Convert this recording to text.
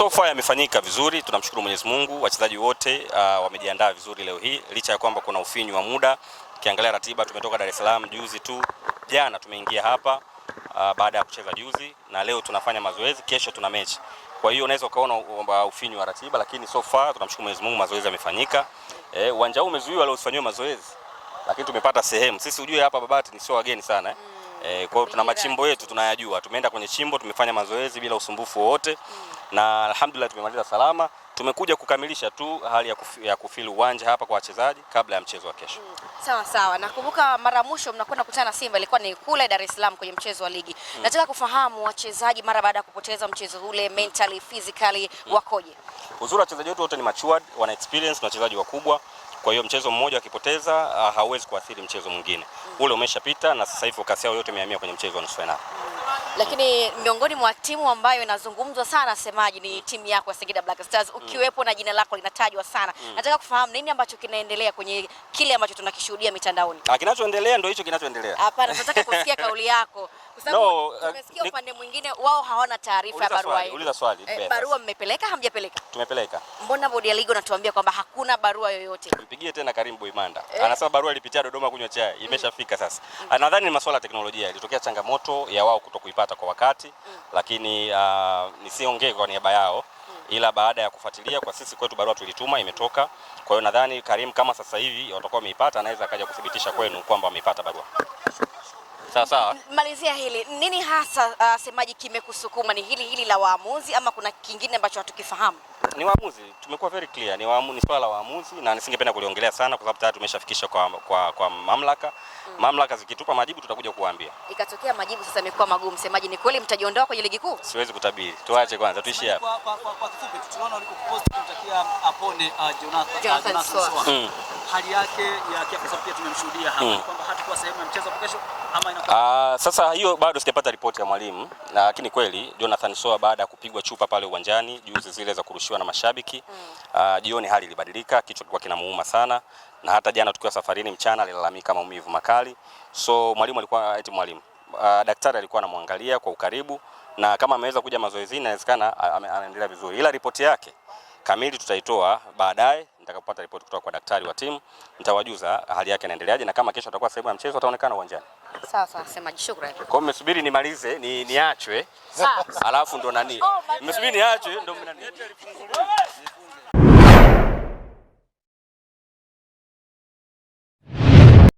so far yamefanyika vizuri, tunamshukuru Mwenyezi Mungu. Wachezaji wote uh, wamejiandaa vizuri leo hii, licha ya kwamba kuna ufinyu wa muda. Ukiangalia ratiba, tumetoka Dar es Salaam juzi tu, jana tumeingia hapa uh, baada ya kucheza juzi, na leo tunafanya mazoezi, kesho tuna mechi. Kwa hiyo unaweza ukaona kwamba ufinyu wa ratiba, lakini so far tunamshukuru Mwenyezi Mungu, mazoezi yamefanyika. Eh, uwanja eh, huu umezuiwa leo usifanywe mazoezi, lakini tumepata sehemu. Sisi ujue hapa Babati ni sio wageni sana eh. E, kwa tuna machimbo yetu tunayajua, tumeenda kwenye chimbo tumefanya mazoezi bila usumbufu wowote mm. na alhamdulillah tumemaliza salama. Tumekuja kukamilisha tu hali ya, kufi, ya kufili uwanja hapa kwa wachezaji kabla ya mchezo wa kesho mm. Sawa sawa, nakumbuka mara mwisho mnakwenda kukutana na Simba ilikuwa ni kule Dar es Salaam kwenye mchezo wa ligi mm. nataka kufahamu wachezaji mara baada ya kupoteza mchezo ule mentally physically mm. wakoje? Uzuri wachezaji wetu wote ni matured, wana experience na wachezaji wakubwa kwa hiyo mchezo mmoja akipoteza ah, hauwezi kuathiri mchezo mwingine. Mm. Ule umeshapita na sasa hivi kasi yao yote imehamia kwenye mchezo wa nusu fainali. Lakini miongoni mwa timu ambayo inazungumzwa sana semaji, ni timu yako ya Singida Black Stars, mm. ukiwepo mm. na jina lako linatajwa sana mm. nataka kufahamu nini ambacho kinaendelea kwenye kile ambacho tunakishuhudia mitandaoni. Ah, kinachoendelea ndio hicho kinachoendelea. Hapana, nataka kusikia kauli yako kwa sababu no, uh, tumesikia uh, upande mwingine wao hawana taarifa ya barua hiyo. Uliza swali. E, barua mmepeleka hamjapeleka? Tumepeleka. Mbona bodi ya ligi unatuambia kwamba hakuna barua yoyote? Mpigie tena Karim Boimanda e. Eh? Anasema barua ilipitia Dodoma kunywa chai imeshafika mm. sasa. Mm. Ah, nadhani ni masuala ya teknolojia, ilitokea changamoto ya wao kutokuipata kupata kwa wakati mm. Lakini uh, nisiongee kwa niaba yao mm. Ila baada ya kufuatilia kwa sisi kwetu barua tulituma imetoka. Kwa hiyo nadhani Karim kama sasa hivi watakuwa wameipata, anaweza akaja kuthibitisha kwenu kwamba wameipata barua. Sawa sawa. Malizia hili nini hasa uh, semaji kimekusukuma ni hili hili la waamuzi ama kuna kingine ambacho hatukifahamu? Ni waamuzi, tumekuwa very clear, ni waamuzi, ni swala la waamuzi na nisingependa kuliongelea sana kwa sababu tayari tumeshafikisha kwa, kwa, kwa mamlaka mm. Mamlaka zikitupa majibu tutakuja kuambia. Ikatokea majibu sasa imekuwa magumu, semaji, ni kweli mtajiondoa kwenye ligi kuu? Siwezi kutabiri, tuache kwanza, tuishie hapa. Kwa, kwa, kwa kifupi tunaona ulikoposti kumtakia apone uh, Jonathan, Jonathan uh, Jonathan Sowah. Mm. Hali yake ya kiafya pia tumemshuhudia hapa mm. kwamba hatakuwa sehemu ya mchezo kesho Aa, ah, ah, sasa hiyo bado sijapata ripoti ya mwalimu, lakini kweli Jonathan Soa baada ya kupigwa chupa pale uwanjani juzi zile za kurushiwa na mashabiki mm. Ah, jioni hali ilibadilika, kichwa kilikuwa kinamuuma sana, na hata jana tukiwa safarini mchana alilalamika maumivu makali. So mwalimu alikuwa eti mwalimu Uh, daktari alikuwa anamwangalia kwa ukaribu na kama ameweza kuja mazoezini, inawezekana anaendelea vizuri, ila ripoti yake kamili tutaitoa baadaye. Nitakapopata ripoti kutoka kwa daktari wa timu nitawajuza hali yake inaendeleaje, na kama kesho atakuwa sehemu ya mchezo ataonekana uwanjani. Sawa sawa, sema shukrani. Kwa hiyo mmesubiri nimalize ni niachwe, Sawa. alafu ndo nani? Oh, mmesubiri niachwe ndo mnaniletea alifunguliwa.